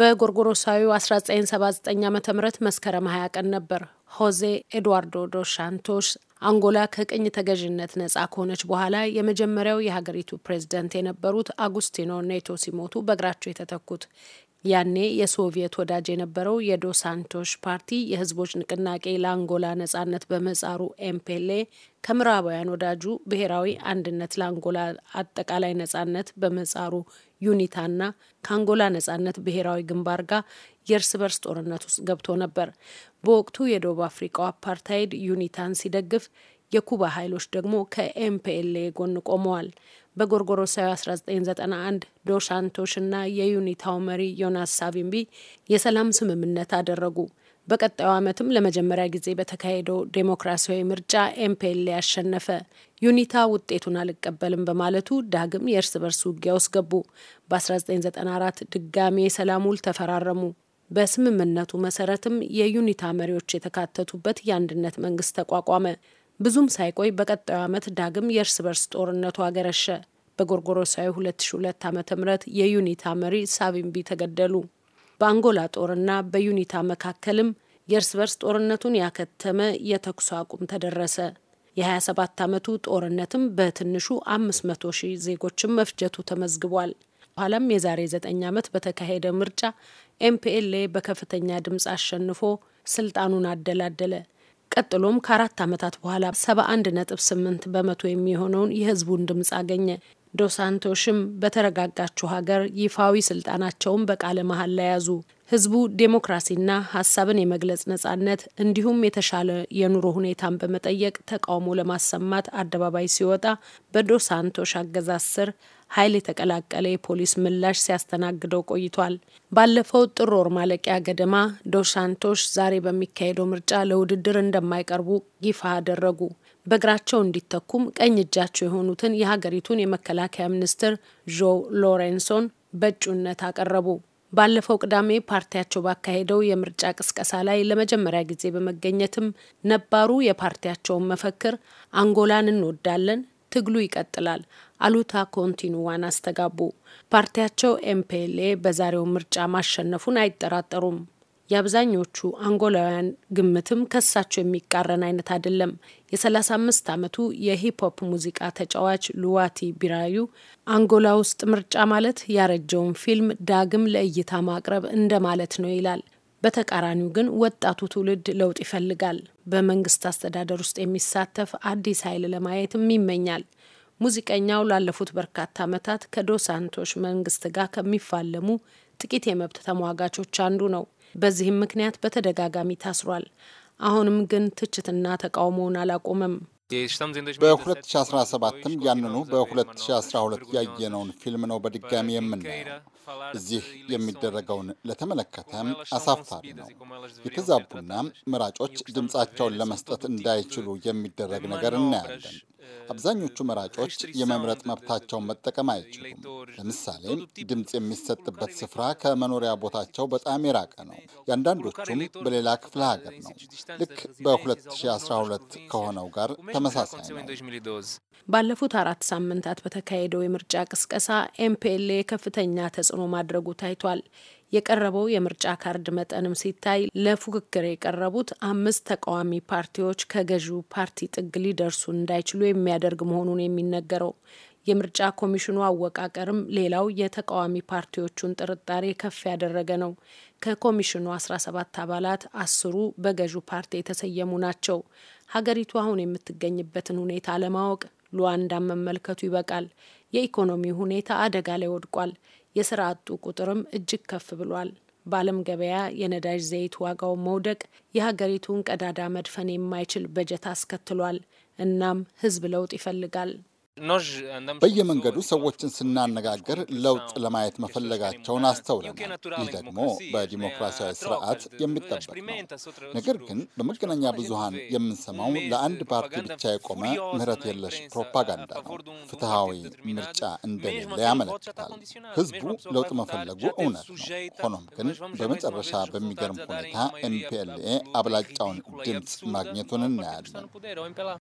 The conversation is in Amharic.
በጎርጎሮሳዊ 1979 ዓ ም መስከረም 20 ቀን ነበር ሆዜ ኤድዋርዶ ዶስ ሳንቶስ አንጎላ ከቅኝ ተገዥነት ነጻ ከሆነች በኋላ የመጀመሪያው የሀገሪቱ ፕሬዝደንት የነበሩት አጉስቲኖ ኔቶ ሲሞቱ በእግራቸው የተተኩት። ያኔ የሶቪየት ወዳጅ የነበረው የዶሳንቶሽ ፓርቲ የህዝቦች ንቅናቄ ለአንጎላ ነጻነት በመጻሩ ኤምፔሌ ከምዕራባውያን ወዳጁ ብሔራዊ አንድነት ለአንጎላ አጠቃላይ ነጻነት በምህጻሩ ዩኒታና ከአንጎላ ነጻነት ብሔራዊ ግንባር ጋር የእርስ በርስ ጦርነት ውስጥ ገብቶ ነበር። በወቅቱ የደቡብ አፍሪቃው አፓርታይድ ዩኒታን ሲደግፍ የኩባ ኃይሎች ደግሞ ከኤምፒኤልኤ ጎን ቆመዋል። በጎርጎሮሳዊ 1991 ዶሻንቶሽ እና የዩኒታው መሪ ዮናስ ሳቪምቢ የሰላም ስምምነት አደረጉ። በቀጣዩ ዓመትም ለመጀመሪያ ጊዜ በተካሄደው ዴሞክራሲያዊ ምርጫ ኤምፒኤልኤ ያሸነፈ። ዩኒታ ውጤቱን አልቀበልም በማለቱ ዳግም የእርስ በርስ ውጊያ ውስጥ ገቡ። በ1994 ድጋሜ የሰላም ውል ተፈራረሙ። በስምምነቱ መሰረትም የዩኒታ መሪዎች የተካተቱበት የአንድነት መንግስት ተቋቋመ። ብዙም ሳይቆይ በቀጣዩ ዓመት ዳግም የእርስ በርስ ጦርነቱ አገረሸ። በጎርጎሮሳዊ 2002 ዓ ም የዩኒታ መሪ ሳቢምቢ ተገደሉ። በአንጎላ ጦርና በዩኒታ መካከልም የእርስ በርስ ጦርነቱን ያከተመ የተኩስ አቁም ተደረሰ። የ27 ዓመቱ ጦርነትም በትንሹ 500 ሺህ ዜጎችን መፍጀቱ ተመዝግቧል። ኋላም የዛሬ 9 ዓመት በተካሄደ ምርጫ ኤምፒኤልኤ በከፍተኛ ድምፅ አሸንፎ ስልጣኑን አደላደለ። ቀጥሎም ከአራት ዓመታት በኋላ 71.8 በመቶ የሚሆነውን የህዝቡን ድምፅ አገኘ። ዶሳንቶሽም በተረጋጋችው ሀገር ይፋዊ ስልጣናቸውን በቃለ መሀል ላይ ያዙ። ህዝቡ ዴሞክራሲና ሀሳብን የመግለጽ ነጻነት እንዲሁም የተሻለ የኑሮ ሁኔታን በመጠየቅ ተቃውሞ ለማሰማት አደባባይ ሲወጣ በዶ ሳንቶሽ አገዛዝ ስር ኃይል የተቀላቀለ የፖሊስ ምላሽ ሲያስተናግደው ቆይቷል። ባለፈው ጥር ወር ማለቂያ ገደማ ዶ ሳንቶሽ ዛሬ በሚካሄደው ምርጫ ለውድድር እንደማይቀርቡ ይፋ አደረጉ። በእግራቸው እንዲተኩም ቀኝ እጃቸው የሆኑትን የሀገሪቱን የመከላከያ ሚኒስትር ዦ ሎሬንሶን በእጩነት አቀረቡ። ባለፈው ቅዳሜ ፓርቲያቸው ባካሄደው የምርጫ ቅስቀሳ ላይ ለመጀመሪያ ጊዜ በመገኘትም ነባሩ የፓርቲያቸውን መፈክር አንጎላን እንወዳለን፣ ትግሉ ይቀጥላል፣ አሉታ ኮንቲኑዋን አስተጋቡ። ፓርቲያቸው ኤምፔሌ በዛሬው ምርጫ ማሸነፉን አይጠራጠሩም። የአብዛኞቹ አንጎላውያን ግምትም ከሳቸው የሚቃረን አይነት አይደለም። የ35 ዓመቱ የሂፕሆፕ ሙዚቃ ተጫዋች ሉዋቲ ቢራዩ አንጎላ ውስጥ ምርጫ ማለት ያረጀውን ፊልም ዳግም ለእይታ ማቅረብ እንደማለት ነው ይላል። በተቃራኒው ግን ወጣቱ ትውልድ ለውጥ ይፈልጋል። በመንግስት አስተዳደር ውስጥ የሚሳተፍ አዲስ ኃይል ለማየትም ይመኛል። ሙዚቀኛው ላለፉት በርካታ ዓመታት ከዶሳንቶሽ መንግስት ጋር ከሚፋለሙ ጥቂት የመብት ተሟጋቾች አንዱ ነው። በዚህም ምክንያት በተደጋጋሚ ታስሯል። አሁንም ግን ትችትና ተቃውሞውን አላቆመም። በ2017ም ያንኑ በ2012 ያየነውን ፊልም ነው በድጋሚ የምናየው። እዚህ የሚደረገውን ለተመለከተም አሳፋሪ ነው። የተዛቡና መራጮች ድምፃቸውን ለመስጠት እንዳይችሉ የሚደረግ ነገር እናያለን። አብዛኞቹ መራጮች የመምረጥ መብታቸውን መጠቀም አይችሉም። ለምሳሌም ድምፅ የሚሰጥበት ስፍራ ከመኖሪያ ቦታቸው በጣም የራቀ ነው። የአንዳንዶቹም በሌላ ክፍለ ሀገር ነው። ልክ በ2012 ከሆነው ጋር ተመሳሳይ ነው። ባለፉት አራት ሳምንታት በተካሄደው የምርጫ ቅስቀሳ ኤምፒኤልኤ ከፍተኛ ተጽዕኖ ማድረጉ ታይቷል። የቀረበው የምርጫ ካርድ መጠንም ሲታይ ለፉክክር የቀረቡት አምስት ተቃዋሚ ፓርቲዎች ከገዢው ፓርቲ ጥግ ሊደርሱ እንዳይችሉ የሚያደርግ መሆኑን የሚነገረው የምርጫ ኮሚሽኑ አወቃቀርም ሌላው የተቃዋሚ ፓርቲዎቹን ጥርጣሬ ከፍ ያደረገ ነው። ከኮሚሽኑ 17 አባላት አስሩ በገዢው ፓርቲ የተሰየሙ ናቸው። ሀገሪቱ አሁን የምትገኝበትን ሁኔታ ለማወቅ ሉዋንዳን መመልከቱ ይበቃል። የኢኮኖሚ ሁኔታ አደጋ ላይ ወድቋል። የስራ አጡ ቁጥርም እጅግ ከፍ ብሏል። በዓለም ገበያ የነዳጅ ዘይት ዋጋው መውደቅ የሀገሪቱን ቀዳዳ መድፈን የማይችል በጀት አስከትሏል። እናም ህዝብ ለውጥ ይፈልጋል። በየመንገዱ ሰዎችን ስናነጋገር ለውጥ ለማየት መፈለጋቸውን e አስተውለናል። ይህ ደግሞ በዲሞክራሲያዊ ስርዓት የሚጠበቅ ነው። ነገር ግን በመገናኛ ብዙሃን የምንሰማው ለአንድ ፓርቲ ብቻ የቆመ ምህረት የለሽ ፕሮፓጋንዳ ነው። um ፍትሐዊ ምርጫ እንደሌለ ያመለክታል። ህዝቡ ለውጥ መፈለጉ እውነት ነው። ሆኖም ግን በመጨረሻ በሚገርም ሁኔታ ኤምፒኤልኤ e አብላጫውን ድምፅ ማግኘቱን እናያለን።